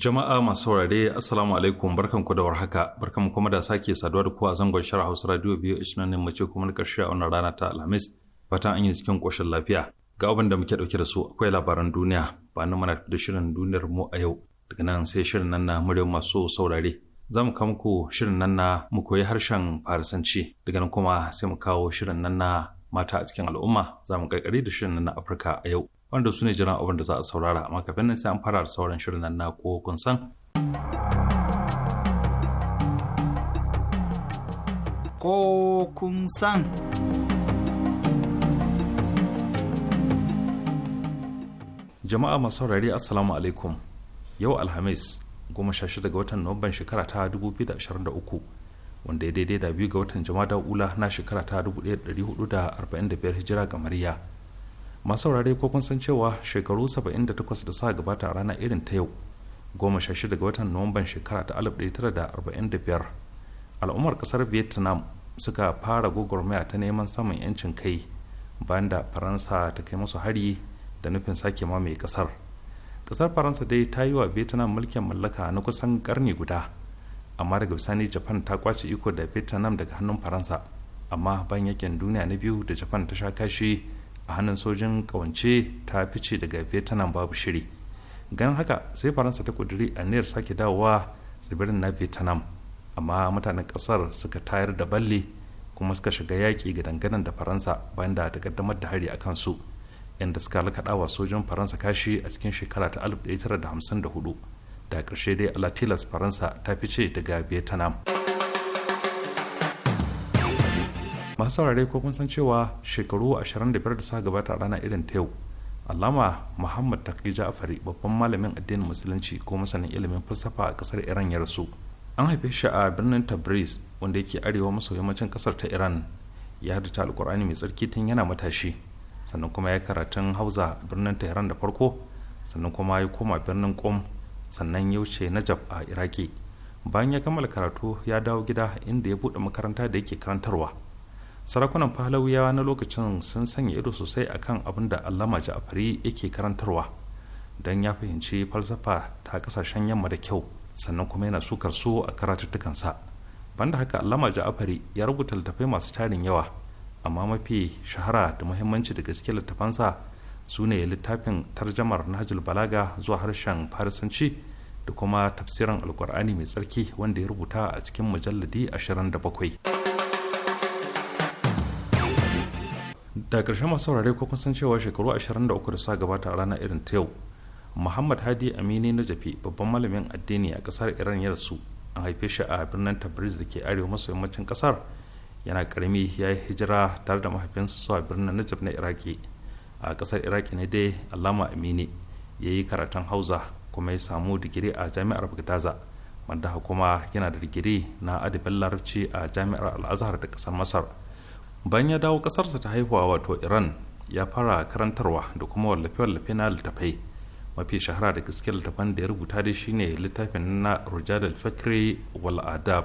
Jama'a masu saurare Assalamu alaikum barkan ku da warhaka barkan mu kuma da sake saduwa da ku a zangon shara Hausa Radio biyu ishirin nan mace kuma na karshe a wannan rana ta Alhamis fatan an yi cikin koshin lafiya ga abin da muke dauke da su akwai labaran duniya ba nan mana da shirin duniyar mu a yau daga nan sai shirin nan na muryar masu saurare za mu kawo shirin nan na mu koyi harshen farisanci daga nan kuma sai mu kawo shirin nan na mata a cikin al'umma za mu da shirin nan na Afirka a yau wanda su ne jiran abin da za a saurara amma kafin nan sai an fara da sauran shirin nan na ko kun san. Ko kun san. Jama'a masu saurari Assalamu alaikum yau Alhamis goma sha shida ga watan Nuwamban shekara ta 2023 wanda ya daidai da biyu ga watan Jama'a ula na shekara ta 1445 hijira ga Mariya. masu saurare ko kun san cewa shekaru 78 da suka gabata a rana irin ta yau 16 ga watan nuwamban shekara ta 1945 al'ummar kasar vietnam suka fara gwagwarmaya ta neman samun 'yancin kai bayan da faransa ta kai musu hari da nufin sake ma mai kasar kasar faransa dai ta yi wa vietnam mulkin mallaka na kusan karni guda amma daga bisani japan ta kwace iko da vietnam daga hannun faransa amma bayan yakin duniya na biyu da japan ta sha kashi a hannun sojin kawance ta fice daga vietnam babu shiri ganin haka sai faransa ta kuduri aniyar sake dawowa tsibirin na vietnam amma mutanen kasar suka tayar da balle kuma suka shiga yaƙi ga danganan da faransa bayan da ta kaddamar da hari a kansu inda suka lakaɗawa sojin faransa kashi a cikin shekara ta 1954 da ƙarshe dai alatilas faransa ta fice daga vietnam masu saurare ko kun san cewa shekaru 25 da suka gabata rana irin ta yau alama muhammad taki ja'afari babban malamin addinin musulunci ko masanin ilimin falsafa a kasar iran ya rasu an haife shi a birnin tabriz wanda yake arewa maso yammacin kasar ta iran ya hadita alkur'ani mai tsarki tun yana matashi sannan kuma ya karatun hausa a birnin tehran da farko sannan kuma ya koma birnin qom sannan ya wuce najaf a iraki bayan ya kammala karatu ya dawo gida inda ya buɗe makaranta da yake karantarwa sarakunan fahlawiyawa na lokacin sun sanya ido sosai a kan abin da allama ja'afari yake karantarwa don ya fahimci falsafa ta kasashen yamma da kyau sannan kuma yana sukar su a karatuttukansa banda haka allama ja'afari ya rubuta littattafai masu tarin yawa amma mafi shahara da muhimmanci da gaske littafansa su ne littafin tarjamar nahjul balaga zuwa harshen farisanci da kuma tafsirin alkur'ani mai tsarki wanda ya rubuta a cikin mujalladi ashirin da bakwai. daga ƙarshe masu saurare ko kun san cewa shekaru 23 da suka gabata a ranar irin ta yau muhammad hadi amini na jafi babban malamin addini a ƙasar iran ya rasu an haife shi a birnin tabriz da ke arewa maso yammacin ƙasar yana karami ya yi hijira tare da mahaifinsa zuwa birnin najaf na iraki a ƙasar iraki ne dai alama amini ya yi karatun hausa kuma ya samu digiri a jami'ar bagdaza wanda kuma yana da digiri na adabin larabci a jami'ar al'azhar da ƙasar masar bayan ya dawo kasarsa ta haihuwa wato iran ya fara karantarwa da kuma wallafe-wallafe na littafai mafi shahara da gaske littafan da ya rubuta da shine littafin na rujadal fakri wal adab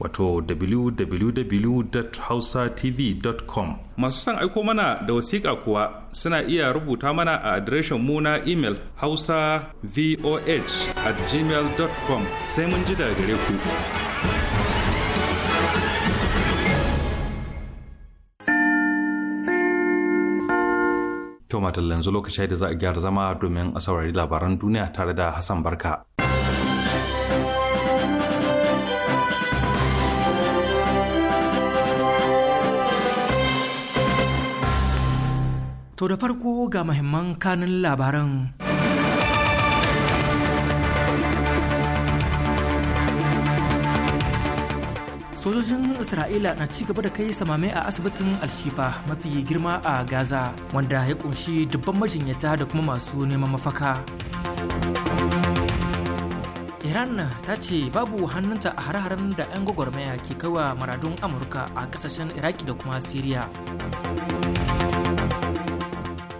wato www.hausatv.com masu son aiko mana da wasiƙa kuwa suna iya rubuta mana a adireshin mu na imel hausa voh at gmail.com sai mun ji daga gare ku To matallan lokaci da za a gyara zama domin a saurari labaran duniya tare da Hassan Barka. To da farko ga mahimman kanun labaran. Sojojin Isra'ila na ci gaba da kai samame a asibitin Alshifa mafi girma a Gaza wanda ya kunshi dubban majinyata da kuma masu neman mafaka. Iran ta ce babu hannunta a hare haren da 'yan gwagwarmaya ke kaiwa maradun Amurka a kasashen Iraki da kuma Siriya.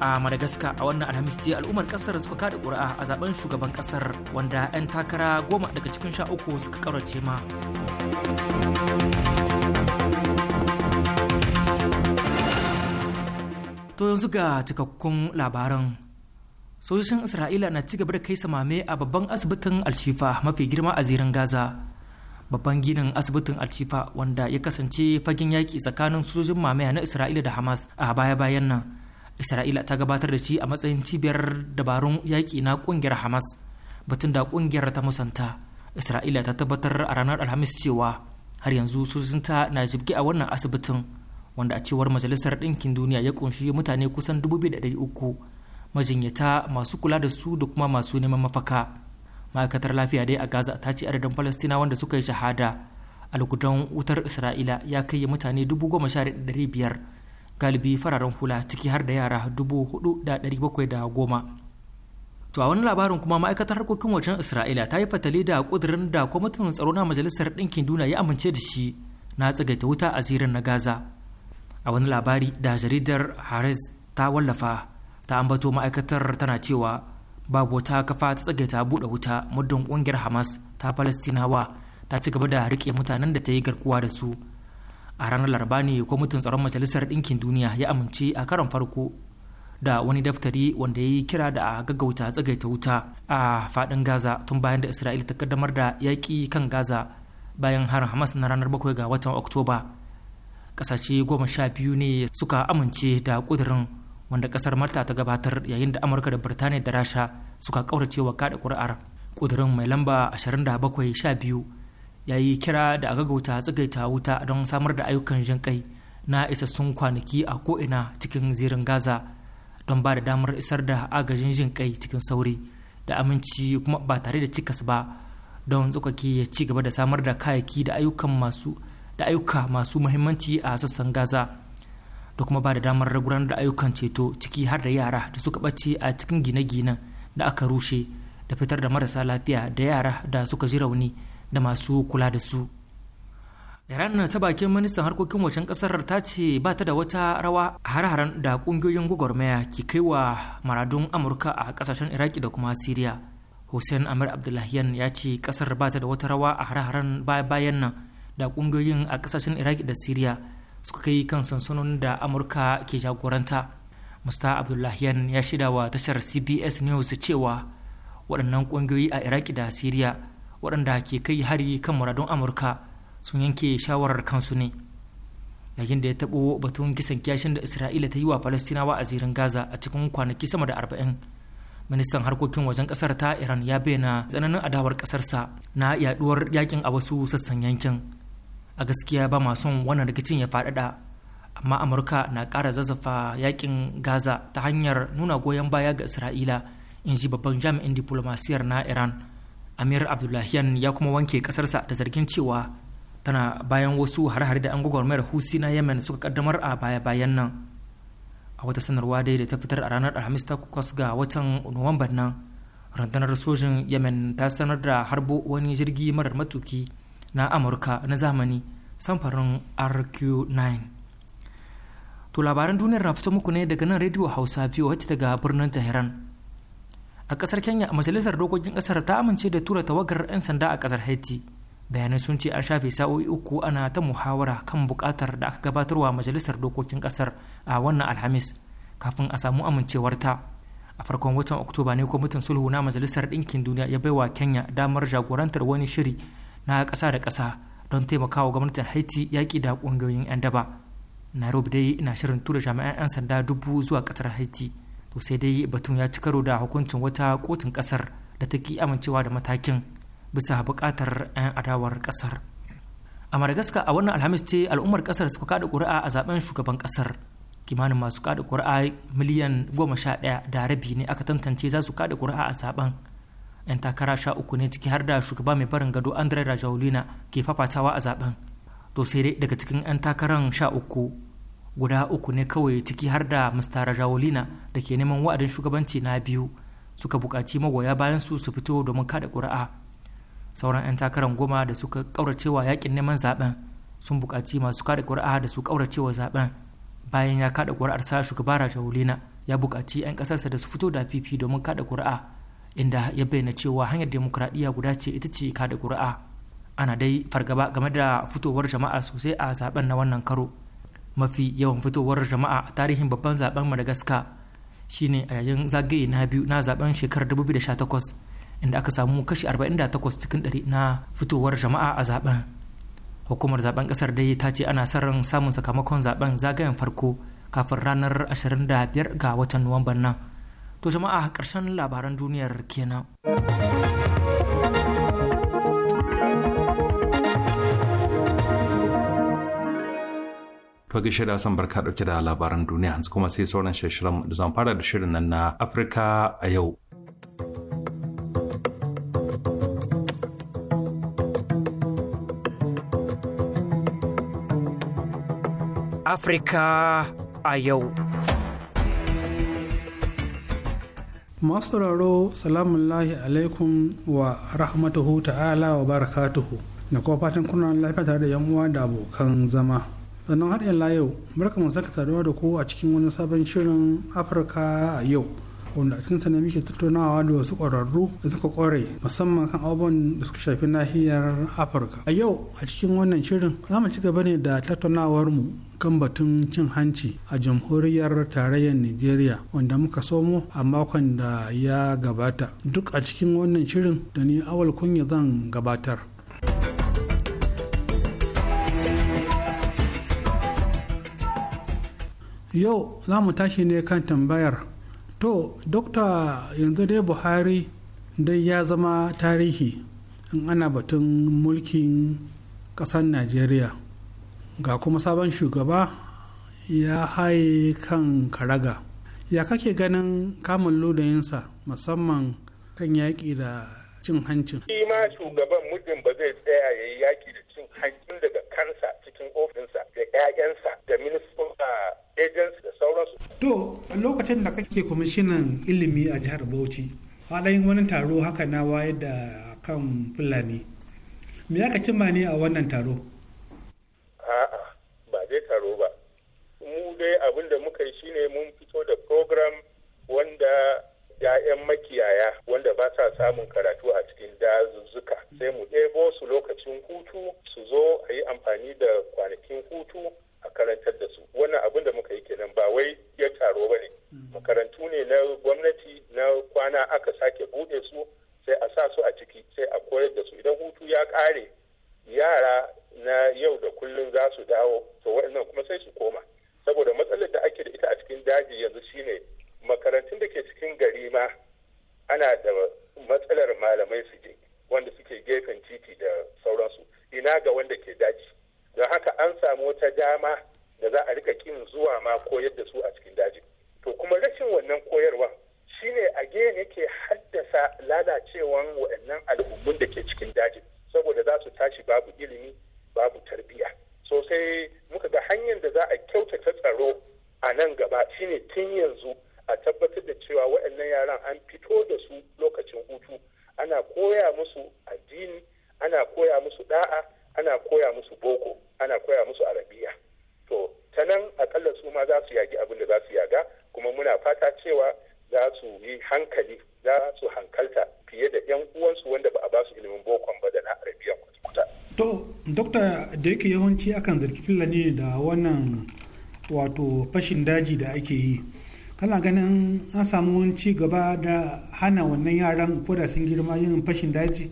a madagascar a wannan alhamis ce al'ummar kasar suka kada ƙuri'a a zaben shugaban kasar wanda 'yan takara goma daga cikin sha uku suka karace ma to yanzu ga cikakkun labaran sojojin isra'ila na ci gaba da kai samame a babban asibitin alshifa mafi girma a zirin gaza babban ginin asibitin alshifa wanda ya kasance fagen yaƙi tsakanin sojojin mamaya na isra'ila da hamas a baya-bayan nan isra'ila ta gabatar da shi a matsayin cibiyar dabarun yaƙi na ƙungiyar hamas batun da ƙungiyar ta musanta isra'ila ta tabbatar a ranar alhamis cewa har yanzu sojojinta na jibge a wannan asibitin wanda a cewar majalisar ɗinkin duniya ya ƙunshi mutane kusan 2,300 majinyata masu kula da su da kuma masu neman mafaka ma'aikatar lafiya dai a gaza ta ce adadin falastina wanda suka yi shahada a wutar isra'ila ya kai mutane 10,500 galibi fararen hula ciki har da yara dubu hudu da dari bakwai da goma to a wani labarin kuma ma'aikatar harkokin wajen isra'ila ta yi fatali da kudirin da kwamitin tsaro na majalisar ɗinkin duniya ya amince da shi na tsagaita wuta a zirin na gaza a wani labari da jaridar haris ta wallafa ta ambato ma'aikatar tana cewa babu wata kafa ta tsagaita buɗe wuta muddin ƙungiyar hamas ta falastinawa ta ci gaba da riƙe mutanen da ta yi garkuwa da su a ranar laraba ne kwamitin tsaron majalisar ɗinkin duniya ya amince a karon farko da wani daftari wanda ya yi kira da a gaggauta tsagaita wuta a faɗin gaza tun bayan da isra'ila ta kaddamar da yaƙi kan gaza bayan harin hamas na ranar 7 ga watan oktoba ƙasashe goma sha biyu ne suka amince da ƙudurin wanda ƙasar marta ta gabatar yayin da amurka da birtaniya da rasha suka ƙauracewa kaɗa ƙuri'ar ƙudurin mai lamba 27 sha biyu ya yi kira da a gagauta tsagaita wuta don samar da ayyukan jin kai na isassun kwanaki a ko'ina cikin zirin gaza don ba da damar isar da agajin jin kai cikin sauri da aminci kuma ba tare da cikas ba don tsukaki ya ci gaba da samar da kayaki da ayyukan masu da ayyuka masu muhimmanci a sassan gaza da kuma ba da damar gudanar da ayyukan ceto ciki har da yara da suka ɓace a cikin gine-ginen da aka rushe da fitar da marasa lafiya da yara da suka ji rauni da masu kula da su iran ta bakin ministan harkokin wajen kasar ta ce ba ta da wata rawa a har-haren da kungiyoyin gwagwarmaya ke kai wa maradun amurka a kasashen iraki da kuma siriya hussein amir abdullahiyan ya ce kasar ba ta da wata rawa a har-haren bayan nan da kungiyoyin a kasashen iraki da siriya suka kai kan sansanonin da amurka ke jagoranta musta abdullahiyan ya shida wa tashar cbs news cewa waɗannan ƙungiyoyi a iraki da siriya waɗanda ke kai hari kan muradun amurka sun yanke shawarar kansu ne yayin da ya taɓo batun kisan kyashin da isra'ila ta yi wa falastinawa a zirin gaza a cikin kwanaki sama da arba'in ministan harkokin wajen ƙasar ta iran ya bayyana tsananin adawar ƙasarsa na yaɗuwar yakin a wasu sassan yankin a gaskiya ba ma son wannan rikicin ya faɗaɗa amma amurka na ƙara zazzafa yakin gaza ta hanyar nuna goyon baya ga isra'ila in ji babban jami'in diplomasiyar na iran amir abdullahiyan ya kuma wanke kasarsa da zargin cewa tana bayan wasu har-hari da an gwagwarmayar husi na yemen suka kaddamar a baya-bayan nan a wata sanarwa dai da ta fitar a ranar alhamis ta kwas ga watan nuwamban nan rundunar sojin yemen ta sanar da harbo wani jirgi marar matuki na amurka na zamani samfarin rq9 to labaran duniyar na fito muku ne daga nan rediyo hausa biyu wacce daga birnin tehran a kasar kenya majalisar dokokin kasar ta amince da tura tawagar 'yan sanda a kasar haiti bayanai sun ce an shafe sa'o'i uku ana ta muhawara kan bukatar da aka gabatarwa majalisar dokokin kasar a wannan alhamis kafin a samu amincewarta a farkon watan oktoba ne kwamitin sulhu na majalisar ɗinkin duniya ya baiwa kenya damar jagorantar wani shiri na ƙasa da ƙasa don taimakawa gwamnatin haiti yaƙi da ƙungiyoyin 'yan daba nairobi dai ina shirin tura jami'an 'yan sanda dubu zuwa ƙasar haiti to sai dai batun ya ci karo da hukuncin wata kotun kasar da ta ki amincewa da matakin bisa bukatar 'yan adawar kasar a madagascar a wannan alhamis ce al'ummar kasar suka kada ƙuri'a a zaben shugaban kasar kimanin masu kada ƙuri'a miliyan goma sha ɗaya da rabi ne aka tantance za su kada ƙuri'a a zaben 'yan takara sha uku ne ciki har da shugaba mai barin gado andre rajaulina ke fafatawa a zaben to sai dai daga cikin 'yan takaran sha uku guda uku ne kawai ciki har da mr rajawolina da ke neman wa'adin shugabanci na biyu suka buƙaci magoya bayan su su fito domin kada ƙuri'a sauran 'yan takarar goma da suka ƙauracewa yakin neman zaben sun buƙaci masu kada ƙuri'a da su ƙauracewa zaben bayan ya kada ƙuri'arsa shugaba rajawolina ya buƙaci 'yan ƙasarsa da su fito da fifi domin kada ƙuri'a inda ya bayyana cewa hanyar demokuraɗiyya guda ce ita ce kada ƙuri'a ana dai fargaba game da fitowar jama'a sosai a zaben na wannan karo mafi yawan fitowar jama'a a tarihin babban zaben madagascar shine a yayin zagaye na biyu na zaben shekarar 2018 inda aka samu kashi 48 cikin 100 na fitowar jama'a a zaben hukumar zaben kasar dai ta ce ana son samun sakamakon zaben zagayen farko kafin ranar 25 ga watan nuwamban nan to jama'a karshen labaran duniyar kenan To ga shirya san barka dauke da labaran duniya yanzu kuma sai sauran shirin da zan fara da shirin nan na Afirka a yau. Afirka a yau. Masu sauraro salamun lahi alaikum wa rahmatuhu ta'ala wa barakatuhu na kuma fatan kunan lafiya tare da 'yan uwa da abokan zama. sannan har yalla yau barka mu saka taruwa da ku a cikin wani sabon shirin afirka a yau wanda a cikinsa ne muke tattaunawa da wasu ƙwararru da suka ƙware musamman kan abubuwan da suka shafi nahiyar afirka a yau a cikin wannan shirin za mu ci gaba ne da tattaunawarmu kan batun cin hanci a jamhuriyar tarayyar nigeria wanda muka somo a makon da ya gabata duk a cikin wannan shirin da ni awal kunya zan gabatar yau za mu tashi ne kan tambayar to dokta yanzu dai buhari dai ya zama tarihi in ana batun mulkin ƙasar najeriya ga kuma sabon shugaba ya haye kan karaga ya kake ganin kamun ludayinsa musamman kan yaƙi da cin hanci? ma shugaban mutum ba zai tsaya ya yi yaƙi da cin hancin daga kansa cikin ofinsa da 'ya'yansa da ministan agents da sauransu. To lokacin da kake kwamishinan ilimi a jihar Bauchi, halayen wani taro haka na wayar da kan Fulani. Me aka cimma ne a wannan taro? A'a, ba dai taro ba. Mu dai abin da muka yi shine mun fito da program wanda ‘ya'yan makiyaya wanda ba sa samun karatu a cikin dazuzzuka sai mu ɗebo su lokacin hutu su zo a yi amfani da kwanakin hutu a karantar da su wannan abin da muka makarantu ne na gwamnati na kwana aka sake bude su sai a sa su a ciki sai a koyar da su idan hutu ya kare. yawanci akan zargi fulani da wannan wato fashin daji da ake yi kana ganin an samu ci gaba da hana wannan yaran ko da sun girma yin fashin daji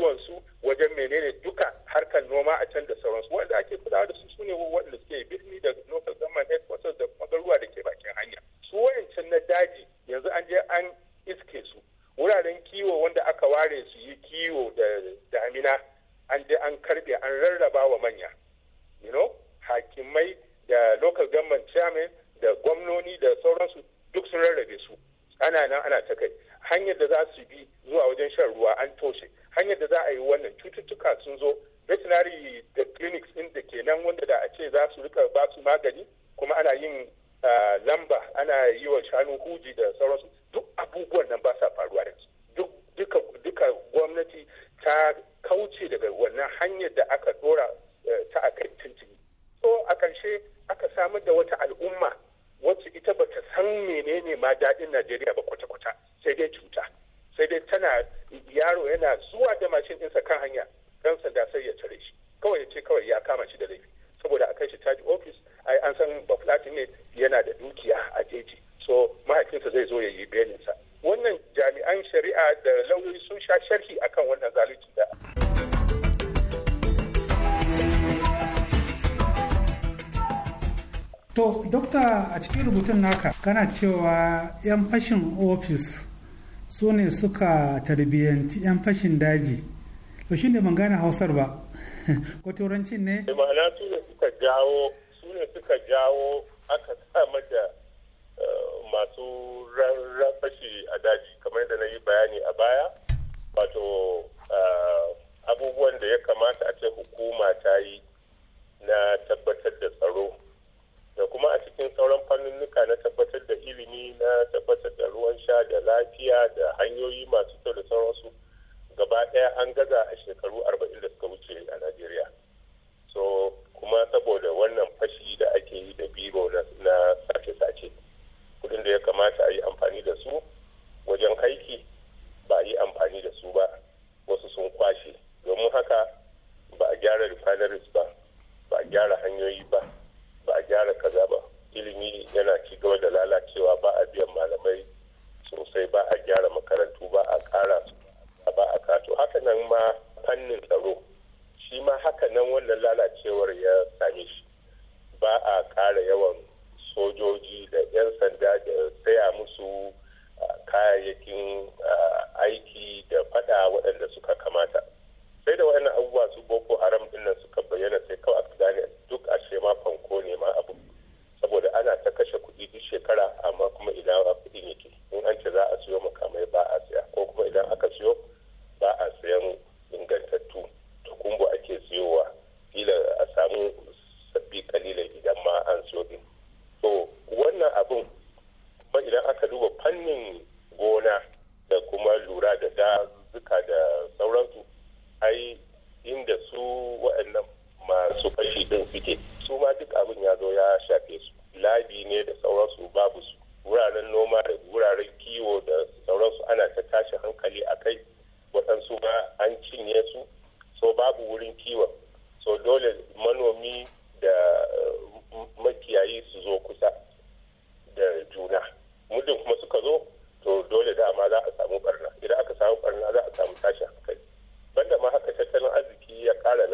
kiwonsu wajen menene duka harkar noma a can da sauransu wanda ake kulawa da su su ne 'yan fashin ofis su ne suka tarbiyyanci 'yan fashin daji to shi ne gane hausar ba ko turancin ne eh, ma'ana su ne suka jawo aka sa da eh, masu lafiya da hanyoyi masu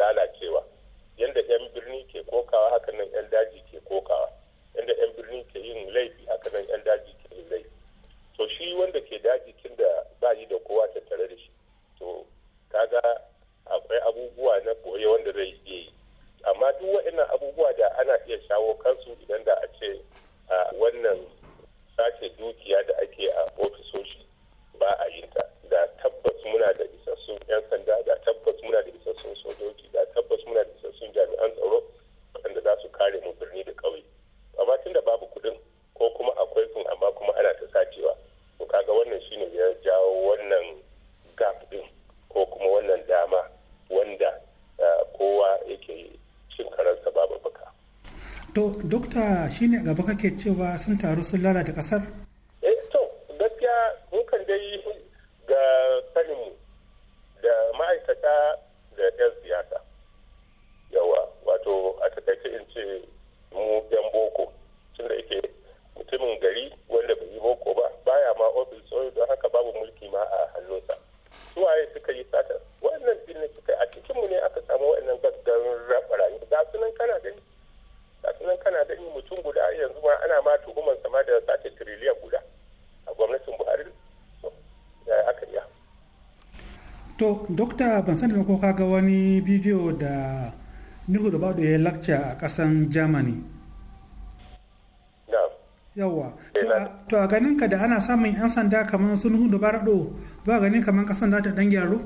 lalacewa yadda 'yan birni ke kokawa haka nan 'yan daji ke kokawa yadda 'yan birni ke yin laifi haka nan 'yan daji ke yin laifi to shi wanda ke daji tun da ba yi da kowa tattare da shi to kaga akwai abubuwa na boye wanda zai iya yi amma duk waɗannan abubuwa da ana iya shawo kansu idan da a ce a wannan sace dukiya da ake a ofisoshi ba a yi ta da tabbas muna da isassun 'yan sanda da tabbas muna da isassun sojoji shine gaba kake cewa sun taru sun lalata kasar dokta ban sani ko ka ga wani bidiyo da nuhu da bado ya lakca a kasan germany yawa eh, to a ganin ka da ana samun yan sanda kamar sun hudu da ba ganin kamar kasan za ta dan gyaro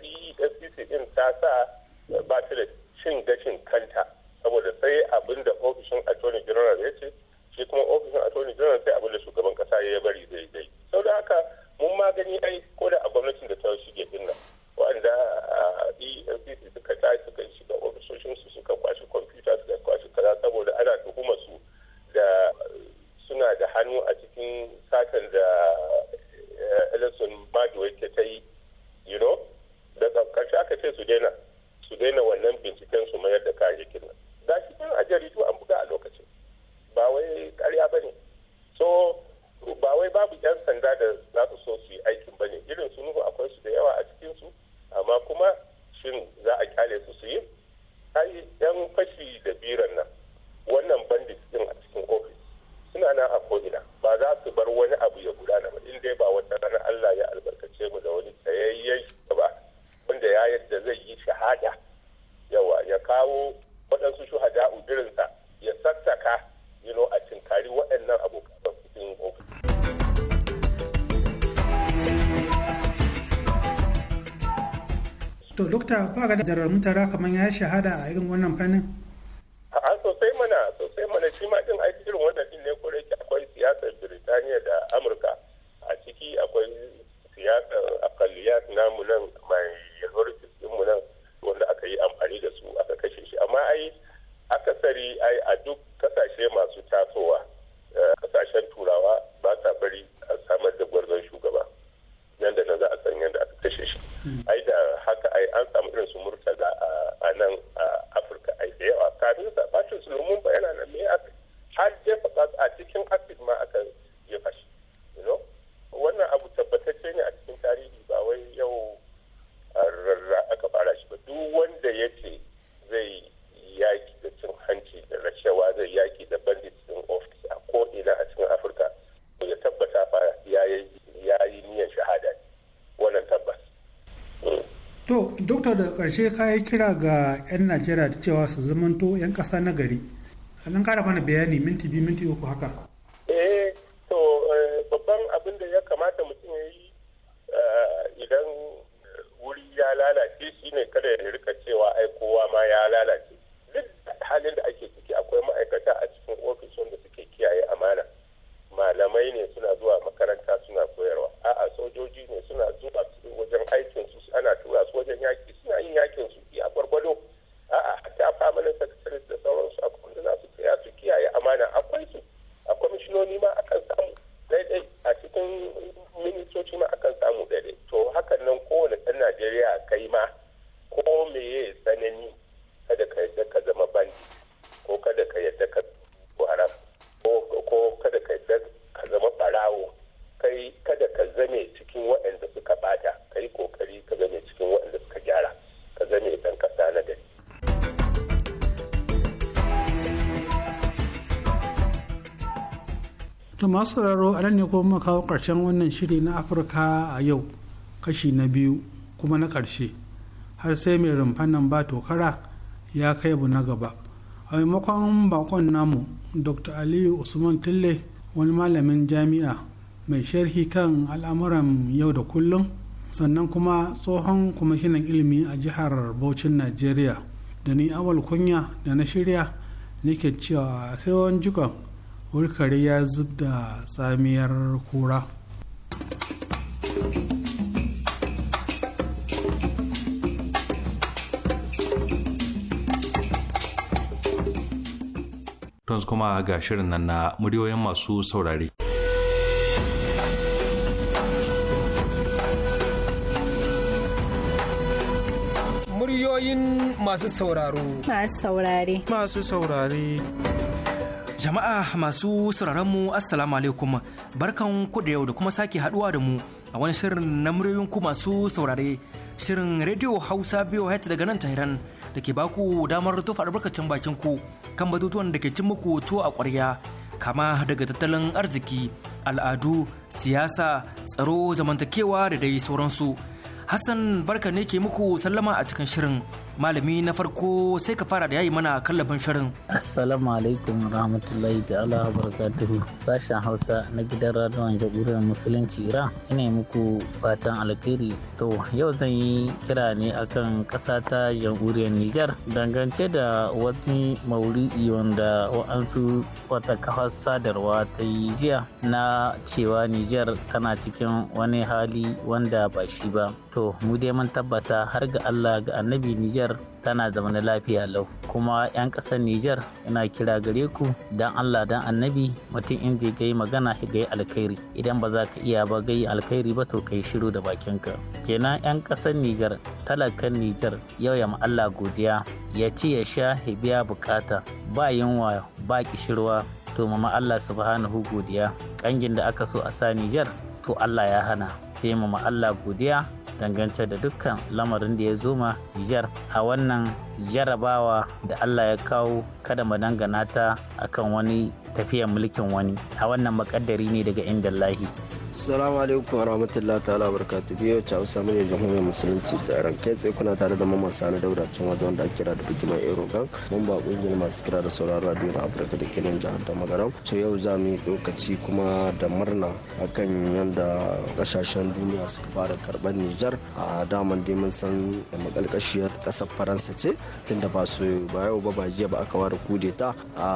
eefcc din ta sa ba ta da cin gashin kanta saboda sai abin da ofishin attorney general ya ce shi kuma ofishin attorney general sai abin da shugaban kasa ya bari zai zai sau da haka mun ma gani ai ko da a gwamnatin da ta shige din nan wanda ah, dinner tara kamar ya shahada a irin wannan fannin a sosai mana sosai mana shi ma din aiki irin wannan din ne kore akwai siyasar Birtaniya da Amurka a ciki akwai siyasar akalliyat namu nan mai yarwarci mu nan wanda aka yi amfani da su aka kashe shi amma ai akasari ai a duk kasashe masu tasowa eh, kasashen turawa ba sa bari a samar da gwarzon shugaba nan da nan za a san yadda aka kashe shi hmm. ai da haka ai an samu irin su murtala. ƙarshe ka yi kira ga 'yan najeriya da cewa su zamanto 'yan ƙasa na gari alin kara mana bayani minti biyu minti uku haka masu sauraro a nan ne kuma kawo ƙarshen wannan shiri na afirka a yau kashi na biyu kuma na ƙarshe har sai mai rumfan nan ba tokara ya kai bu na gaba a maimakon bakon namu dr aliyu usman tille wani malamin jami'a mai sharhi kan al'amuran yau da kullum sannan kuma tsohon kwamishinan ilimi a jihar Bauchin najeriya da ni awal kunya da na shirya nake cewa sai wani jikon wani ya zub da tsamiyar kura su kuma ga shirin nan na muryoyin masu saurare. Muryoyin masu sauraro. Masu saurare. Masu saurare. Jama'a masu sauraron mu Assalamu alaikum barkan ku da yau da kuma sake haduwa da mu a wani shirin na muryoyin ku masu saurare shirin Radio Hausa biyo hat daga nan Tehran da ke baku damar tofa albarkacin bakin ku kan batutuwan da ke cin muku tuwo a ƙwarya kama daga tattalin arziki al'adu siyasa tsaro zamantakewa da dai sauransu. Hassan barka ne ke muku sallama a cikin shirin malami na farko sai ka fara da yayi mana kallafin shirin assalamu alaikum rahmatullahi ta'ala barakatuhu sashen hausa na gidan radiyon jamhuriyar musulunci iran ina muku fatan alkhairi to yau zan yi kira ne akan ƙasa ta jamhuriyar niger dangance da wani maulidi wanda wa'ansu wata kafar sadarwa ta yi jiya na cewa nijar tana cikin wani hali wanda ba shi ba to mu dai mun tabbata har ga allah ga annabi nijar tana zaune lafiya lau kuma 'yan ƙasar Nijar ina kira gare ku dan Allah dan annabi mutum in zai gai magana ga alkhairi idan ba za ka iya ba gai alkhairi ba to kai shiru da bakinka kenan 'yan ƙasar Nijar talakan Nijar yau ya Allah godiya ya ci ya sha ya biya bukata ba yunwa ba kishirwa to mama Allah subhanahu godiya kangin da aka so a sa Nijar to Allah ya hana sai mama Allah godiya dangance da dukkan lamarin da ya zoma Nijar a wannan jarabawa da Allah ya kawo kada mu dangana ta akan wani tafiyar mulkin wani a wannan makaddari ne daga inda lahi Assalamu alaikum wa rahmatullahi ta'ala wa barakatu biyo ta hausa muryar jamhuriyar musulunci tsaron kai tsaye kuna tare da mamman sani dauda cin wajen wanda ake kira da bikin erogan mun ba kungiyar masu kira da sauraron radio na afirka da kenan jihar da magaram to yau za mu yi lokaci kuma da murna akan yanda kasashen duniya suka fara karban nijar a daman dai mun san da makalkashiyar kasar faransa ce tunda ba su ba yau ba ba jiya ba aka ware kudeta a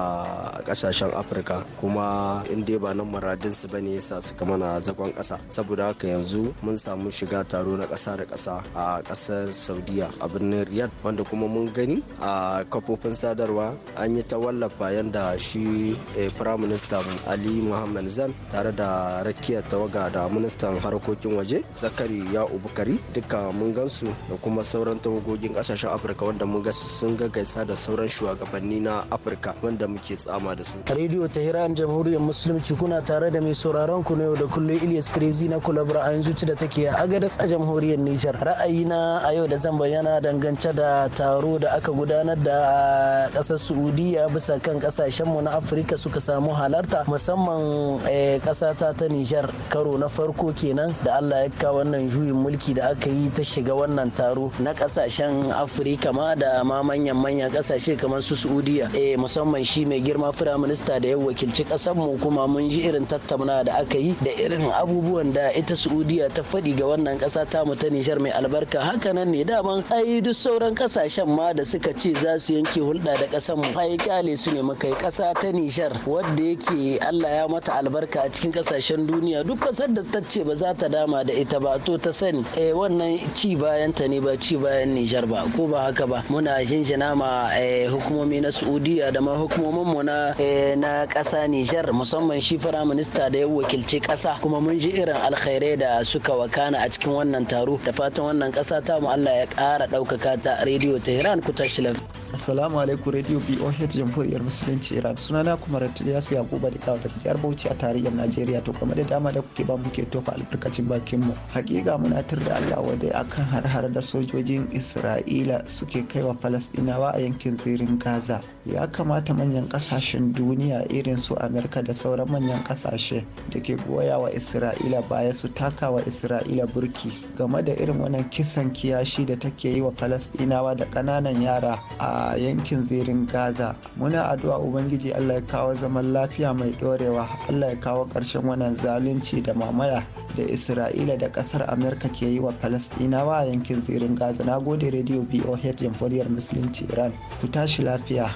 kasashen afirka kuma in dai ba nan muradinsu ba ne yasa suka mana zagon ƙasa saboda haka yanzu mun samu shiga taro na ƙasa da ƙasa a ƙasar saudiya a birnin riyad wanda kuma mun gani a kafofin sadarwa an yi ta wallafa yadda shi eh, prime minister ali muhammad zan tare da rakiyar tawaga da ministan harkokin waje zakari ya ubukari duka mun gansu da kuma sauran tawagogin ƙasashen afirka wanda mun ga sun gaggaisa da sauran shugabanni na afirka wanda muke tsama da su rediyo ta hiran jamhuriyar musulunci kuna tare da mai sauraron ku na yau da kullum akwai Ilyas Crazy na Kulabra a yanzu da take a Agadas a jamhuriyar Nijar. Ra'ayina a yau da zan bayyana dangance da taro da aka gudanar da ƙasar Saudiya bisa kan ƙasashenmu na Afirka suka samu halarta musamman eh, ƙasa ta ta Nijar karo na farko kenan da Allah ya kawo wannan juyin mulki da aka yi ta shiga wannan taro na ƙasashen Afirka ma da ma manyan manyan ƙasashe kamar su Saudiya eh, musamman shi mai girma firaminista da ya wakilci mu kuma mun ji irin tattauna da aka yi da irin irin abubuwan da ita Saudiya ta faɗi ga wannan ƙasa ta mu ta Nijar mai albarka hakanan ne daman ai duk sauran ƙasashen ma da suka ce za su yanke hulɗa da ƙasar mu ai kyale su ne mukai ƙasa ta Nijar wadda yake Allah ya mata albarka a cikin ƙasashen duniya duk ƙasar da ta ce ba za ta dama da ita ba to ta sani eh wannan ci bayan ta ne ba ci bayan Nijar ba ko ba haka ba muna jinjina ma eh, hukumomi na Saudiya da ma hukumomin mu na eh, na ƙasa Nijar musamman shi firaminista da ya wakilci ƙasa kuma kuma mun ji irin alkhairai da suka wakana a cikin wannan taro da fatan wannan kasa ta mu Allah ya kara ɗaukaka ta rediyo iran ku tashi lafiya. Assalamu alaikum rediyo BOH Jamhuriyar Musulunci Iran sunana kuma Ratuliyasu Yakuba da Kawo daga jihar Bauchi a tarihin Najeriya to kamar da dama da kuke ba mu ke tofa albarkacin bakin mu. Hakika muna tar da Allah wadai akan har-har da sojojin Isra'ila suke kaiwa falastinawa a yankin tsirin Gaza. Ya kamata manyan kasashen duniya irin su Amerika da sauran manyan ƙasashe da ke goya wa Isra'ila isra'ila baya su taka wa isra'ila burki game da irin wannan kisan kiyashi da take yi wa falasɗinawa da kananan yara a yankin zirin gaza muna addu'a ubangiji allah ya kawo zaman lafiya mai dorewa allah ya kawo karshen wannan zalunci da mamaya da isra'ila da kasar amurka ke yi wa falasɗinawa a yankin zirin gaza na gode rediyo boh jamhuriyar musulunci iran ku tashi lafiya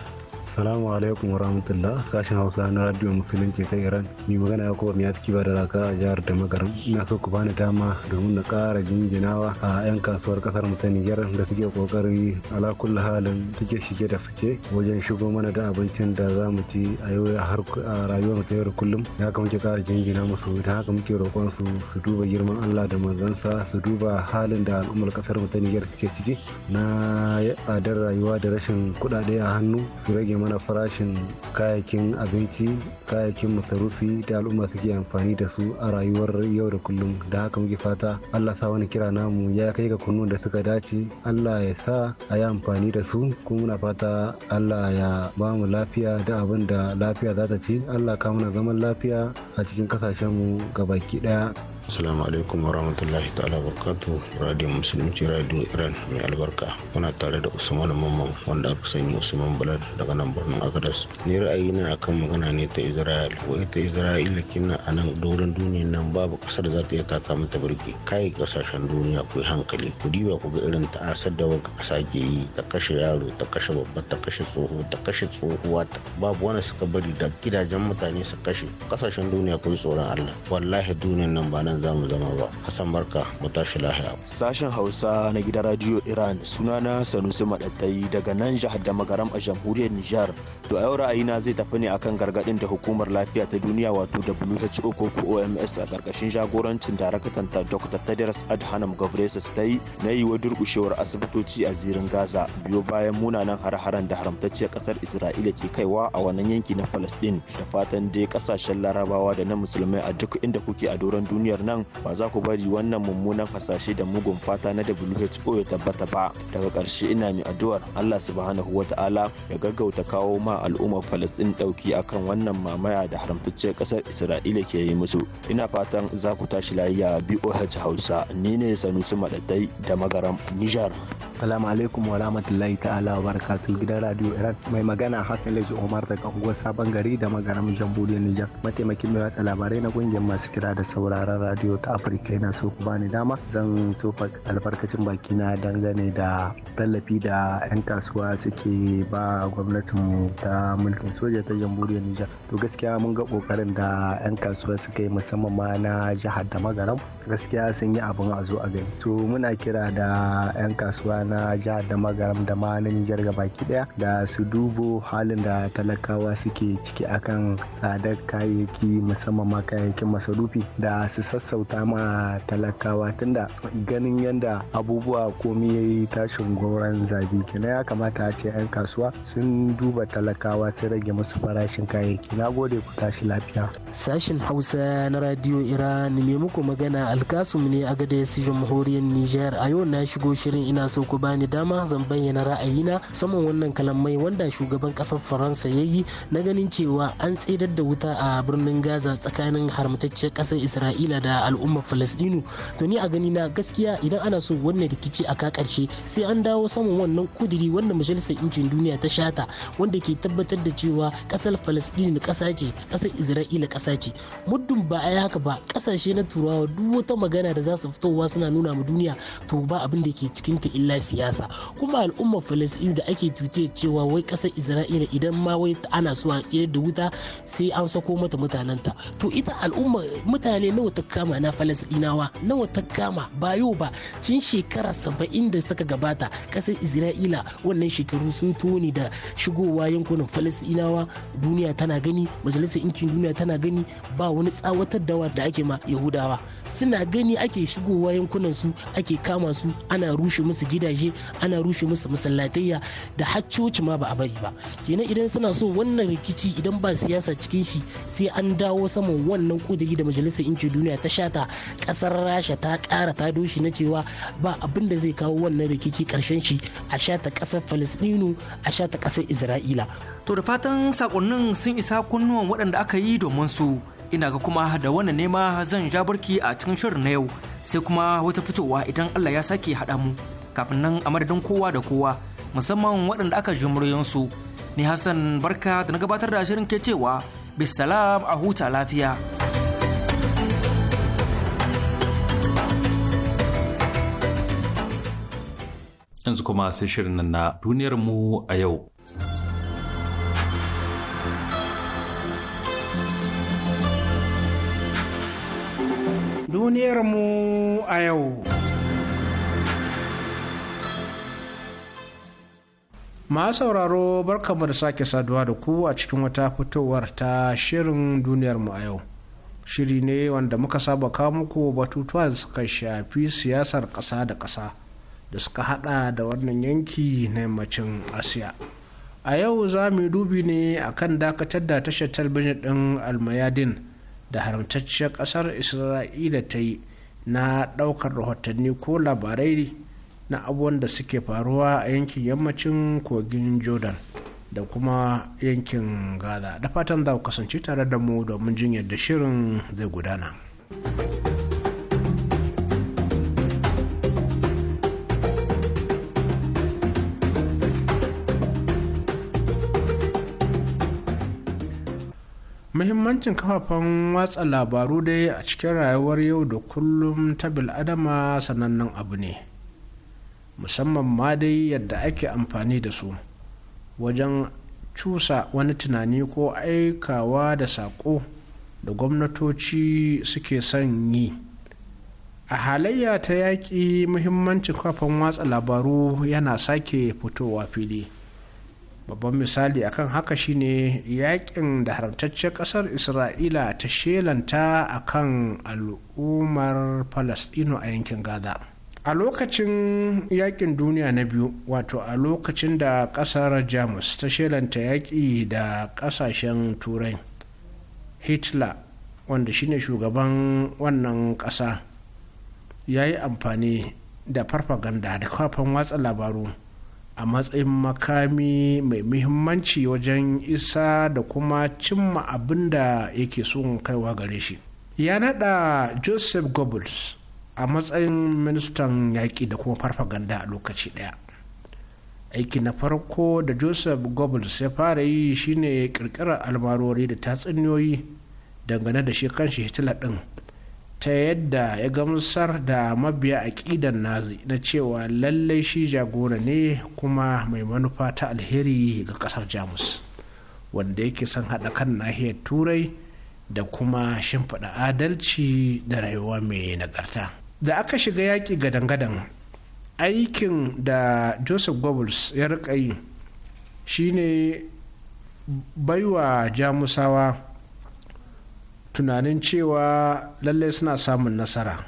Salamu alaikum wa rahmatullah sashen Hausa na Radio Musulunci ta Iran. ni magana ya kowa miyar ciki da raka a jihar da magaram. Ina so ku bani dama domin na ƙara jinjinawa a 'yan kasuwar ƙasar mu ta Nijar da suke ƙoƙari alakulla halin suke shige da fice wajen shigo mana da abincin da za mu ci a yau a rayuwar mu ta yau da kullum. Ya haka muke ƙara jinjina musu da haka muke roƙon su su duba girman Allah da manzansa su duba halin da al'ummar ƙasar mu ta Nijar suke ciki na tsadar rayuwa da rashin kuɗaɗe a hannu su rage mana farashin kayayyakin abinci kayakin masarufi da al'umma suke amfani da su a rayuwar yau da kullum da haka muke fata allah sa wani kira namu ya kai ga kunnu da suka dace allah ya sa a yi amfani da su kuma muna fata allah ya ba mu lafiya da abin da lafiya za ta ci allah ka muna zaman lafiya a cikin ga baki ɗaya. Assalamu alaikum warahmatullahi ta'ala barkatu Radio Musulunci Radio Iran mai albarka. Muna tare da Usman Mamman wanda aka sani Usman Bulat daga nan birnin Agadas. Ni ra'ayina akan magana ne ta Isra'il. wai ta Isra'il kina a nan doron duniyan nan babu kasar da za ta iya taka mata birki. Kai kasashen duniya ku hankali ku diba ku ga irin ta'asar da wani kasa ke yi ta kashe yaro ta kashe babba ta kashe tsoho ta kashe tsohuwa babu wani suka bari da gidajen mutane su kashe. Kasashen duniya ku yi tsoron Allah. Wallahi duniyan nan ba nan za mu zama ba kasan barka mu tashi lahiya sashen hausa na gidan radio iran suna na sanusi madattai daga nan jihar da magaram a jamhuriyar nijar to a yau ra'ayina zai tafi ne akan gargadin da hukumar lafiya ta duniya wato who ko oms a karkashin jagorancin ta dr tedros adhanom ghebreyesus ta yi na yiwa durkushewar asibitoci a zirin gaza biyo bayan munanan har-haren da haramtacciyar kasar isra'ila ke kaiwa a wannan yanki na palestine da fatan dai kasashen larabawa da na musulmai a duk inda kuke a doron duniyar nan ba za ku bari wannan mummunan hasashe da mugun fata na WHO ya tabbata ba daga karshe ina mai addu'ar Allah subhanahu wata'ala ya gaggauta kawo ma al'ummar Falastin dauki akan wannan mamaya da haramtacce kasar Isra'ila ke yi musu ina fatan za ku tashi lafiya BOH Hausa ni ne Sanusi madadai da Magaram Nijar Assalamu alaikum wa rahmatullahi ta'ala wa barakatuh gidan radio Iran mai magana Hassan Laji Umar daga unguwar Sabon Gari da Magaram Jamhuriyar Nijar mataimakin mai watsa labarai na kungiyar masu kira da sauraron radio ta afirka yana so ku bani dama zan tofa albarkacin baki na dangane da tallafi da 'yan kasuwa suke ba gwamnatin ta mulkin soja ta jamhuriyar nijar to gaskiya mun ga kokarin da 'yan kasuwa suka yi musamman ma na jihar da magaram gaskiya sun yi abin a zo a gani to muna kira da 'yan kasuwa na jihar da magaram da ma na nijar ga baki daya da su dubo halin da talakawa suke ciki akan tsadar kayayyaki musamman ma kayayyakin masarufi da su sassauta ma talakawa tunda ganin yadda abubuwa komi ya yi tashin goron zabi kenan ya kamata a ce 'yan kasuwa sun duba talakawa sun rage musu farashin kayayyaki na gode ku tashi lafiya sashin hausa na radio iran mai muku magana alkasum ne a gada yasu jamhuriyar niger a yau na shigo shirin ina so ku bani dama zan bayyana ra'ayina saman wannan kalamai wanda shugaban kasar faransa ya yi na ganin cewa an tsedar da wuta a birnin gaza tsakanin haramtacciyar kasar isra'ila da da al'ummar falastinu to ni a gani na gaskiya idan ana so wannan rikici a ka karshe sai an dawo saman wannan kudiri wannan majalisar injin duniya ta shata wanda ke tabbatar da cewa kasar falastinu kasa ce kasar isra'ila kasa ce muddin ba a haka ba kasashe na turawa duk wata magana da za su fitowa suna nuna ma duniya to ba abin da ke cikin ta illa siyasa kuma al'ummar falastinu da ake tutiya cewa wai kasar isra'ila idan ma wai ana so a tsayar da wuta sai an sako mata mutanenta to ita al'umma mutane nawa ta kama na falasɗinawa nawa ta kama ba yau ba tun shekara saba'in da suka gabata kasar isra'ila wannan shekaru sun tone da shigowa yankunan falasɗinawa duniya tana gani majalisar ɗinkin duniya tana gani ba wani tsawatar dawa da ake ma yahudawa suna gani ake shigowa yankunan su ake kama su ana rushe musu gidaje ana rushe musu masallatayya da haccoci ma ba a bari ba kenan idan suna so wannan rikici idan ba siyasa cikin shi sai an dawo saman wannan kudiri da majalisar ɗinkin duniya ta shata kasar rasha ta ƙara ta doshi na cewa ba abin da zai kawo wannan rikici karshen shi a shata kasar falastinu a shata kasar isra'ila to da fatan sakonnin sun isa kunnuwan waɗanda aka yi domin su ina ga kuma da wannan nema zan ja barki a cikin shirin na yau sai kuma wata fitowa idan allah ya sake haɗa mu kafin nan a madadin kowa da kowa musamman waɗanda aka ji su ni hassan barka da na gabatar da shirin ke cewa bisalam a huta lafiya. yanzu kuma sai shirin nan na duniyar mu a yau duniyar mu a yau ma sauraro barkamu da sake saduwa da ku a cikin wata fitowar ta shirin duniyarmu a yau shiri ne wanda muka saba kawo muku batutuwa da suka shafi siyasar ƙasa da ƙasa da suka hada da wannan yanki na yammacin asiya a yau za mu dubi ne akan dakatar da tashar talbijin din almayadin da haramtacciyar kasar isra'ila ta yi na daukar rahotanni ko labarai na abubuwan da suke faruwa a yankin yammacin kogin jordan da kuma yankin gaza da fatan za ku kasance tare da mu domin jin yadda shirin zai gudana. muhimmancin kafafen watsa labaru dai a cikin rayuwar yau da kullum ta bil'adama sanannen abu ne musamman ma dai yadda ake amfani da su wajen cusa wani tunani ko aikawa da saƙo da gwamnatoci suke son yi a halayya ta yaƙi muhimmancin kafafen watsa labaru yana sake fitowa fili. babban misali akan haka shine yakin da haramtaccen kasar isra'ila ta shelanta akan al'ummar palestino a yankin gaza a lokacin yakin duniya na biyu wato a lokacin da kasar jamus ta shelanta yaƙi da kasashen turai hitler wanda shine shugaban wannan kasa ya yi amfani da farfaganda da kafan watsa labaru a matsayin makami mai muhimmanci wajen isa da kuma cimma abin da yake son kaiwa gare shi ya nada joseph goebbels a matsayin ministan yaƙi da kuma farfaganda a lokaci ɗaya aiki na farko da joseph goebbels ya fara yi shine ƙirƙirar almarori da tatsuniyoyi dangane da shi kan shi hitler ɗin ta yadda ya gamsar da mabiya aƙidan nazi na cewa lallai shi jagora ne kuma mai manufa ta alheri ga ƙasar jamus wanda yake son haɗa kan nahiyar turai da kuma shimfiɗa adalci da rayuwa mai nagarta da aka shiga yaƙi gadan-gadan aikin da joseph goebbels ya riƙa yi shine baiwa jamusawa tunanin cewa lalle suna samun nasara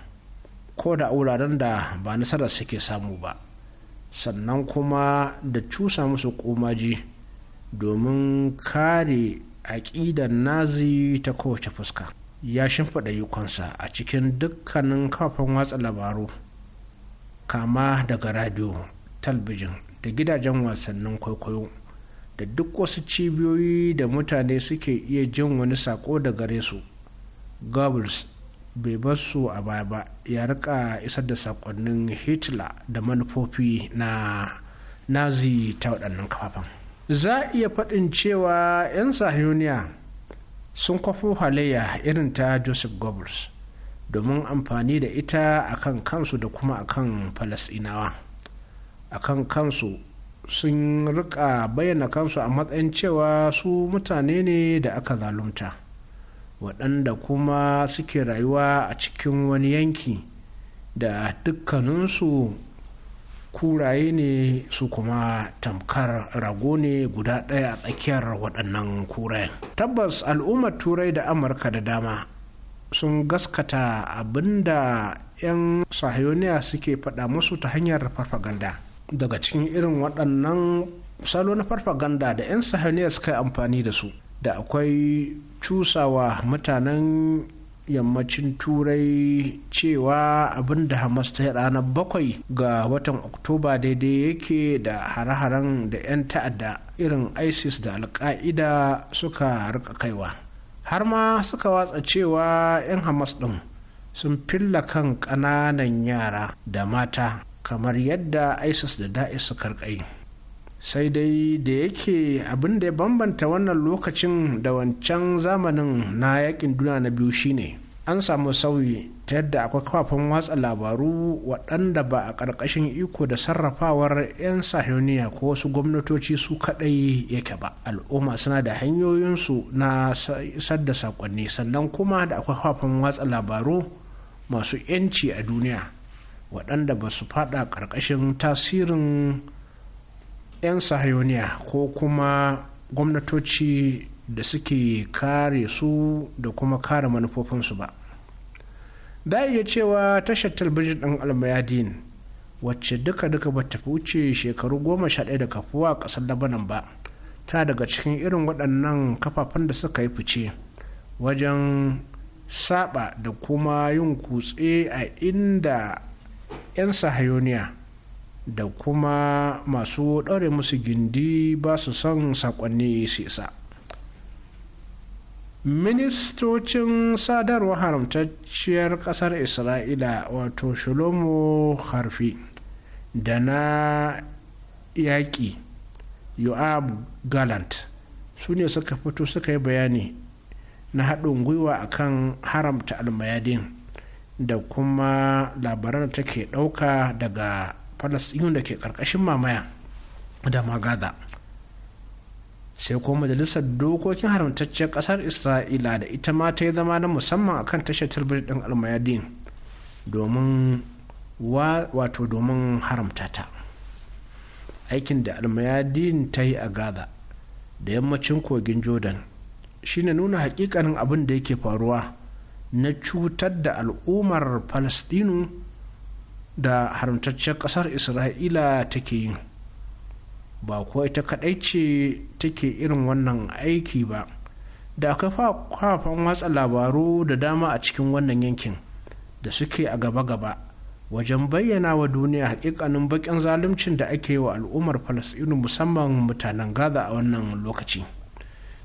ko da wuraren da ba nasara suke samu ba sannan kuma da cusa musu komaji domin kare aƙidar nazi ta kowace fuska ya shimfiɗa yukonsa a cikin dukkanin kafin watsa labaru kama daga radio talbijin da gidajen wasannin kwaikwayo da duk wasu cibiyoyi da mutane suke iya jin wani sako da gare su goebbels bai bar su a baya ba ya rika isar da sakonnin hitler da manufofi na nazi ta waɗannan kafafen za a iya faɗin cewa 'yan sahiyoniya sun kwafo halayya irin ta joseph goebbels domin amfani da ita a kan kansu da kuma a kan falasinawa a kan kansu sun rika bayyana kansu a matsayin cewa su mutane ne da aka zalunta waɗanda kuma suke rayuwa a cikin wani yanki da dukkaninsu kuraye ne su kuma tamkar rago ne guda ɗaya a tsakiyar waɗannan kurayen tabbas al'ummar turai da amurka da dama sun gaskata abinda 'yan sahiyoniya suke faɗa musu ta hanyar farfaganda daga cikin irin waɗannan salo na farfaganda da 'yan sahiyoniya suka yi amfani da su da akwai cusawa mutanen yammacin turai cewa abin da hamas ta yi ranar bakwai ga watan oktoba daidai yake da hare-haren da 'yan ta'adda irin isis da alka'ida suka rika kaiwa har ma suka watsa cewa 'yan hamas ɗin sun filla kan ƙananan yara da mata kamar yadda isis da da'is suka karkai sai dai da yake abin da ya bambanta wannan lokacin da wancan zamanin na yakin duniya na biyu shine an samu sauyi ta yadda akwai kafafen watsa labaru waɗanda ba a ƙarƙashin iko da sarrafawar 'yan sahiyoniya ko wasu gwamnatoci su kaɗai yake ba al'umma suna da hanyoyinsu na isar da saƙonni sannan kuma da akwai kafafen watsa labaru masu 'yanci a duniya waɗanda ba su faɗa ƙarƙashin tasirin 'yan sahayoniya ko kuma gwamnatoci da suke kare su da kuma kare manufofinsu ba da iya cewa tashar talbijin ɗin almayadin wacce duka-duka ba ta wuce shekaru goma sha ɗaya da kafuwa a ƙasar labanan ba ta daga cikin irin waɗannan kafafen da suka yi fice wajen saba da kuma yin kutse a inda 'yan sahayoniya da kuma masu ɗaure musu gindi ba su son saƙonni sisa ministocin sadarwa haramtacciyar ƙasar isra'ila wato sholomo harfi da na yaƙi yoab gallant su ne suka fito suka yi bayani na haɗin gwiwa a kan haramta almayadin da kuma labaran da take ɗauka daga falasɗinu da ke ƙarƙashin mamaya da magaza sai ko majalisar dokokin haramtacciyar ƙasar isra'ila da ita ma ta yi zama na musamman akan tashar turbin ɗin almayadin domin wato domin haramta aikin da almayadin ta yi a gaza da yammacin kogin jordan shine nuna hakikanin abin da yake faruwa na cutar da al'ummar palestinu da haramtaccen ƙasar isra'ila take yi ba kowa ita kaɗai ce take irin wannan aiki ba da akwai kafafen watsa labaru da dama a cikin wannan yankin da suke a gaba-gaba wajen bayyana wa duniya hakikanin bakin zaluncin da ake wa al'ummar falasɗinu musamman mutanen gaza a wannan lokaci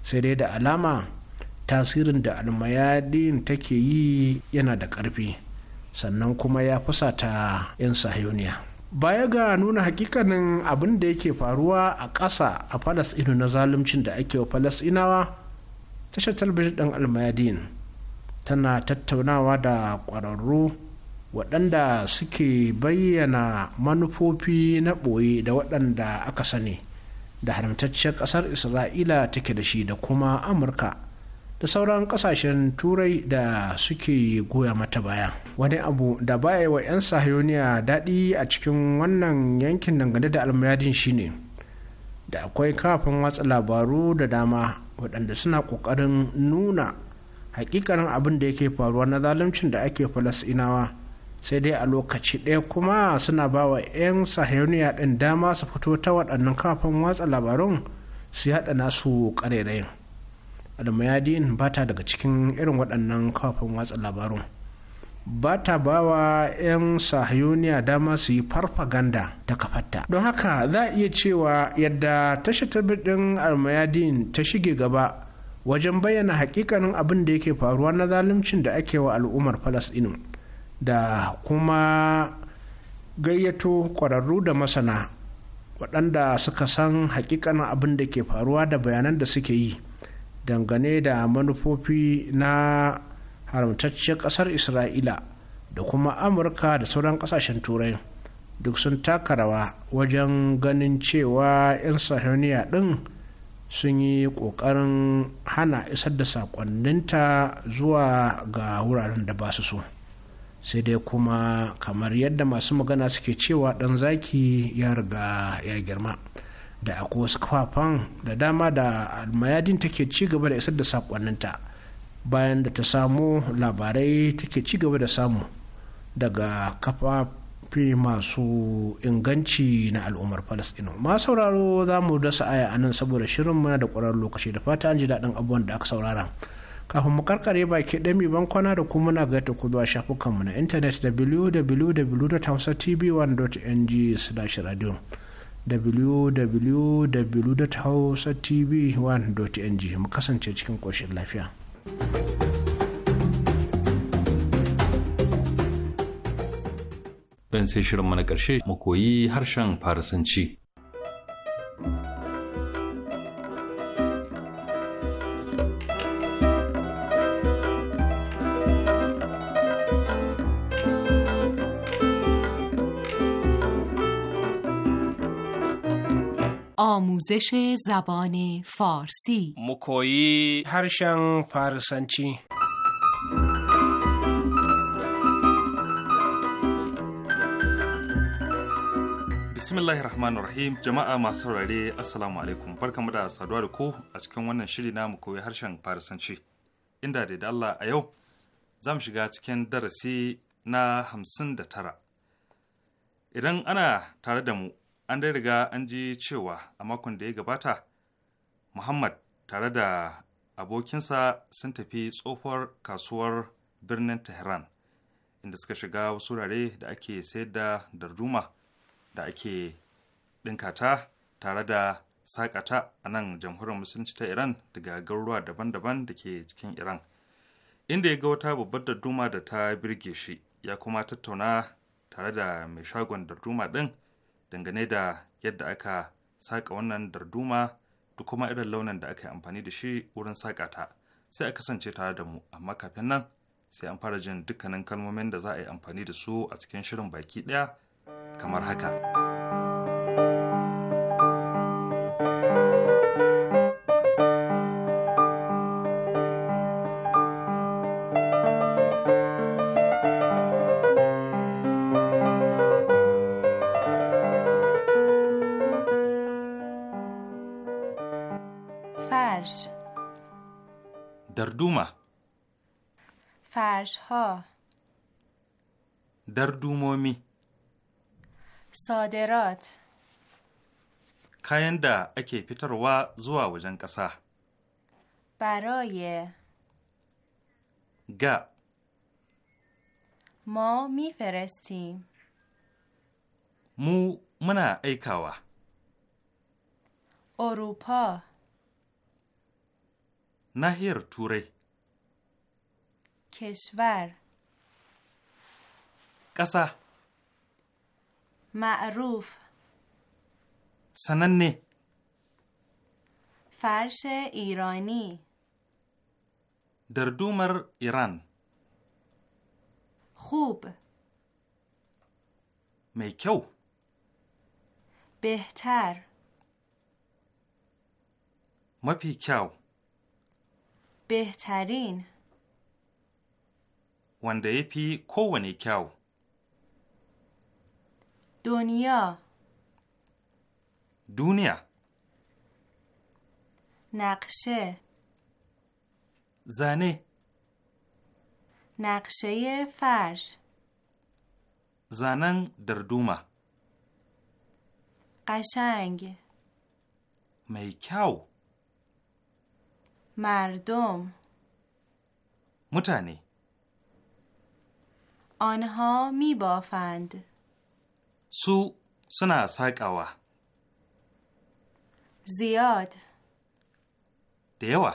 sai dai da alama tasirin da almayadin take yi yana da ƙarfi. sannan kuma ya ta 'yan sahiyoniya baya ga nuna hakikanin abin da yake faruwa a ƙasa a falasɗinu na zaluncin da ake wa falasɗinawa tashar talbijin ɗin almayadin tana tattaunawa da ƙwararru waɗanda suke bayyana manufofi na ɓoye da waɗanda aka sani da haramtacciyar ƙasar isra'ila take da shi da kuma amurka da sauran kasashen turai da suke goya mata baya wani abu da baya wa 'yan sahayoniya daɗi a cikin wannan yankin dangane da almuradin shine da akwai kafin watsa labaru da dama waɗanda suna ƙoƙarin nuna hakikanin abin da yake faruwa na zaluncin da ake falasinawa sai dai a lokaci ɗaya kuma suna ba wa 'yan sahayoniya ɗin dama su fito ta waɗannan kafin watsa labarun su yaɗa nasu ƙarerayin almayadin ba ta daga cikin irin waɗannan kafafen watsa labarun ba ta ba wa 'yan sahayoniya dama su yi farfaganda ta kafatta. don haka za a iya cewa yadda tashar ɗin almayadin ta shige gaba wajen bayyana hakikanin abin da yake faruwa na zaluncin da ake wa al'ummar falasɗinu da kuma gayyato ƙwararru da masana waɗanda suka san hakikanin abin da ke faruwa da bayanan da suke yi dangane da manufofi na haramtacciyar kasar isra'ila da kuma amurka da sauran kasashen turai duk sun taka rawa wajen ganin cewa 'yan sahuniya ɗin sun yi ƙoƙarin hana isar da saƙonninta zuwa ga wuraren da ba su so sai dai kuma kamar yadda masu magana suke cewa ɗan zaki ya riga ya girma da akwai wasu kafafan da dama da almayadin take ci gaba da isar da sakonninta bayan da ta samu labarai take ci gaba da samu daga kafafi masu inganci na al'ummar palestino ma sauraro za mu dasa aya a nan saboda shirin mana da ƙwararren lokaci da fata an ji daɗin abubuwan da aka saurara kafin mu karkare baki ɗami ban kwana da kuma na gaita ku zuwa shafukanmu na intanet www.hausatv1.ng/radio www.hausatv1.ng mu kasance cikin koshin lafiya. don sai shirinmu na ƙarshe mu koyi harshen farisanci. آموزش زبان فارسی مکویی هرشن فارسنچی bismillahir rahmanir rahim jama'a masu saurare assalamu alaikum barkamu da saduwa da ku a cikin wannan shiri na mu koyi harshen farisanci inda da Allah a yau za mu shiga cikin darasi na hamsin da tara idan ana tare da mu an dai riga an ji cewa a makon da ya gabata muhammad tare da abokinsa sun tafi tsofar kasuwar birnin tehran inda suka shiga wasu rare da ake sayar da darduma da ake ɗinkata tare da sakata a nan jamhuriyar musulunci ta iran daga garuruwa daban-daban da ke cikin iran inda ya ga wata babbar darduma da ta birge shi ya kuma tattauna tare da mai shagon darduma ɗin dangane da yadda aka saƙa wannan darduma da kuma irin launin da aka yi amfani da shi wurin saƙa ta sai a kasance tare da mu amma kafin nan sai an fara jin dukkanin kalmomin da za a yi amfani da su a cikin shirin baki ɗaya kamar haka. Dardumomi. Saderat. Kayan da ake fitarwa zuwa wajen ƙasa. Baroye. Ga. Ma mi feresti. Mu muna aikawa. Orupa. Nahiyar Turai. کشور قصه معروف سننه فرش ایرانی دردومر ایران خوب میکو بهتر مپیکو بهترین wanda ya fi kowane kyau. Duniya Duniya Naƙshe Zane Naƙshe ya far Zanen darduma Kashang. Mai kyau Mardom Mutane آنها می بافند سو سنا ساقاوا زیاد دیوا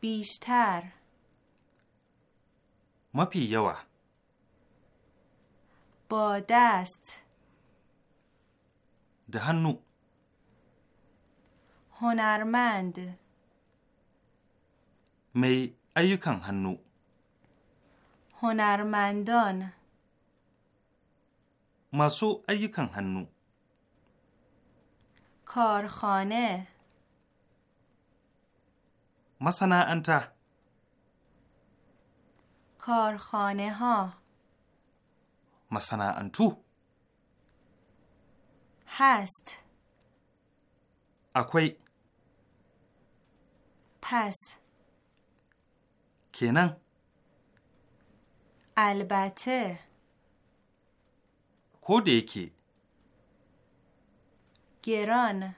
بیشتر مپی یوا با دست دهنو هنرمند می ایوکان هنو هنرمندان ماسو ایکن هنو کارخانه مسنا انت کارخانه ها مسنا انتو هست اکوی پس کنن البته کودکی گران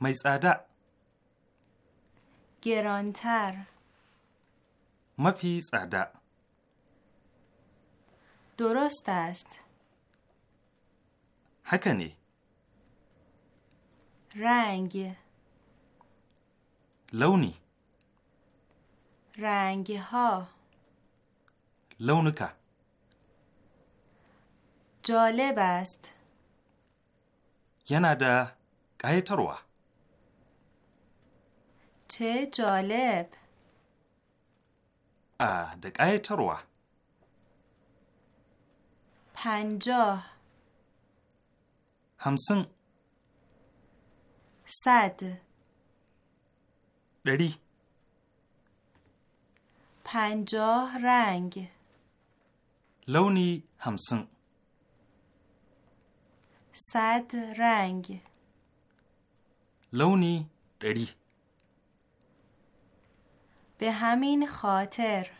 مزاده گرانتر مفی درست است هکنی. رنگ لونی رنگ ها لونکا جالب است ینادا قایتروا چه جالب آه ده قایتروا پنجاه همسن صد ردی پنجاه رنگ لونی همسن صد رنگ لونی دری به همین خاطر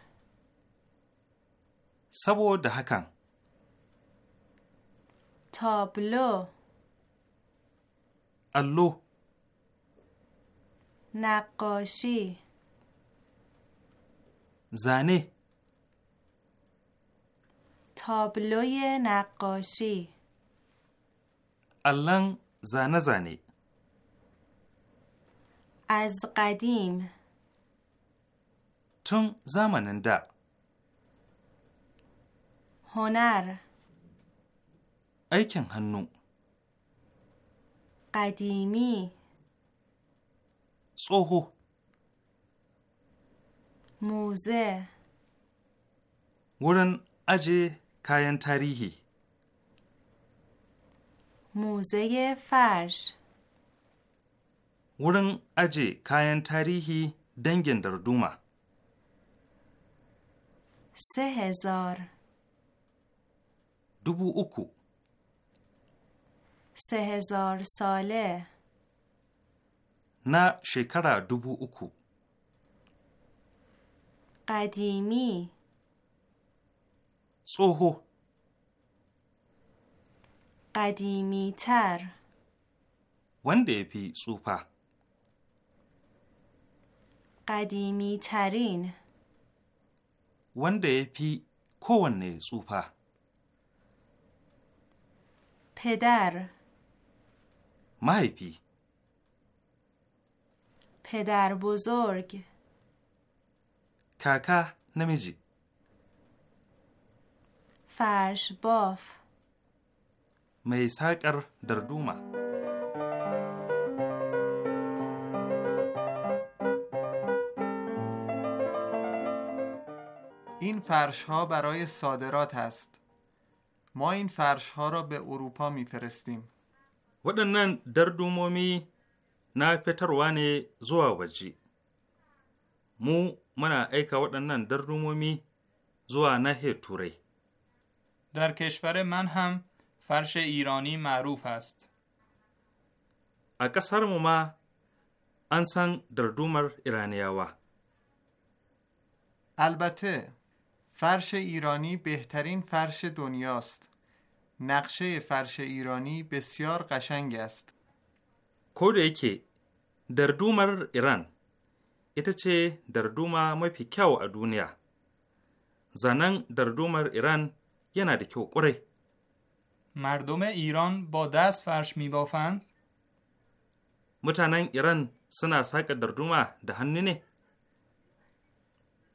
سبو دهکن تابلو اللو نقاشی زنه تابلوی نقاشی الان زنه از قدیم تون زمان هنر ایکن هنو قدیمی صوهو موزه ورن اجی kayan tarihi muzeye farj wurin aje kayan tarihi dangin darduma sehezar dubu uku sehezar sale na shekara dubu uku Qadimi. tsoho Ƙadimitar. wanda ya fi tsufa Ƙadimitarin. wanda ya fi kowanne tsufa پدر mahaifi پدر بزرگ کاکا namiji فرش باف میساکر در این فرش ها برای صادرات است ما این فرش ها را به اروپا می فرستیم ودنن در دومومی نا زوا وجی مو منا ایکا ودنن در دومومی زوا نه توری در کشور من هم فرش ایرانی معروف است. اکثر ما انسان در دومر ایرانی و. البته فرش ایرانی بهترین فرش دنیاست. نقشه فرش ایرانی بسیار قشنگ است. که در دومر ایران چه در دوما مای پیکاو دنیا. زنان در دومر ایران، یه مردم ایران با دست فرش می بافند؟ متنان ایران سنا در دردومه دهنی نه؟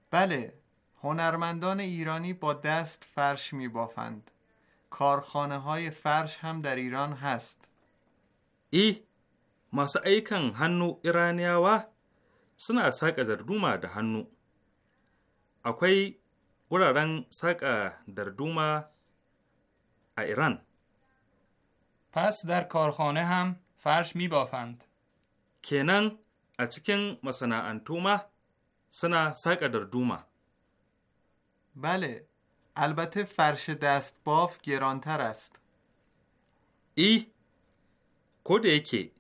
بله هنرمندان ایرانی با دست فرش می بافند کارخانه های فرش هم در ایران هست ای ماسو ایکن هنو و سنا در دردومه دهنو اکوی wuraren saƙa darduma a Iran. پس در کارخانه هم فرش می بافند. کنن اچکن مسنا انتوما سنا ساق دردوما بله البته فرش دست باف گرانتر است. ای کد یکی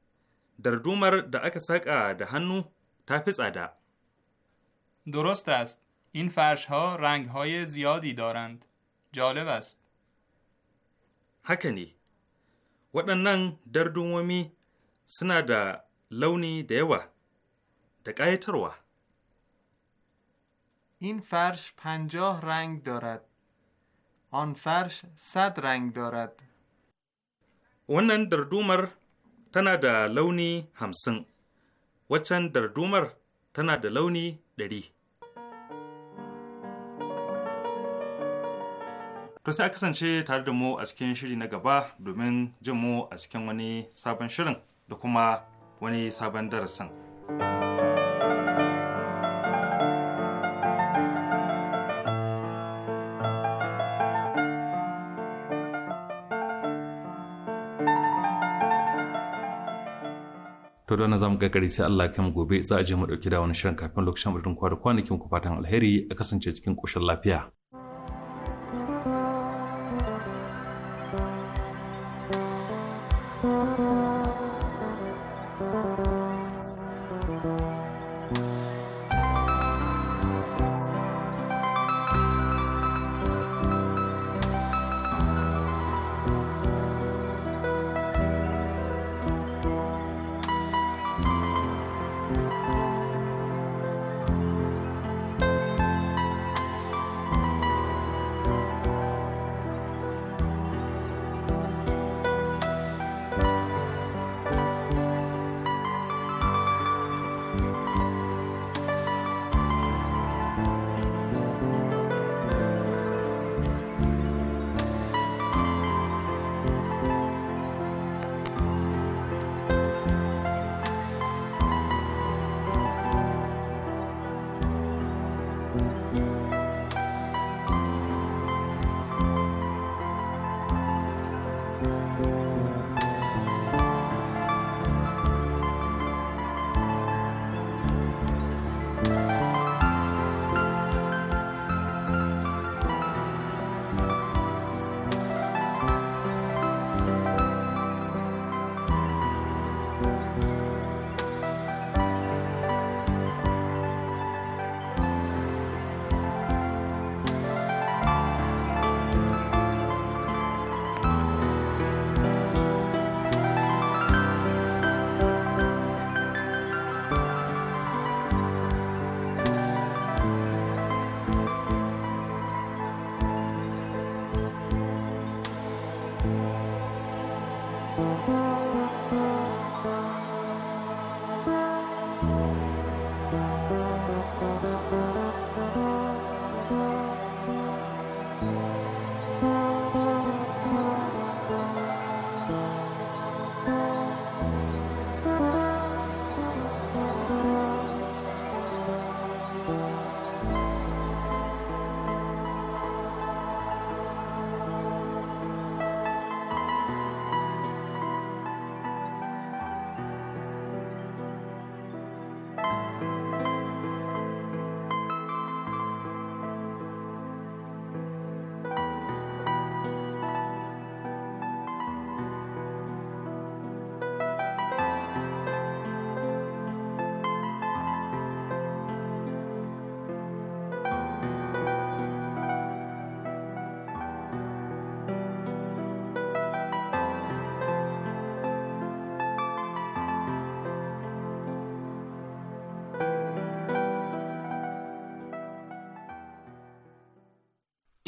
دردومر دا اک ساق ده هنو تا درست است. این فرش ها رنگ های زیادی دارند. جالب است. هکنی. و ننگ در دوممی سنده لونی ده و دقیق این فرش پنجاه رنگ دارد. آن فرش صد رنگ دارد. و در دومر تنده لونی همسنگ. وطن در دومر تنده لونی دریه. To sai a kasance tare da mu a cikin shiri na gaba domin jin mu a cikin wani sabon shirin da kuma wani sabon darasin. to don zamu kakari sai Allah kan gobe za a je mu dauki da wani shirin kafin lokacin mutum kwa da kwanakin ku fatan alheri a kasance cikin koshin lafiya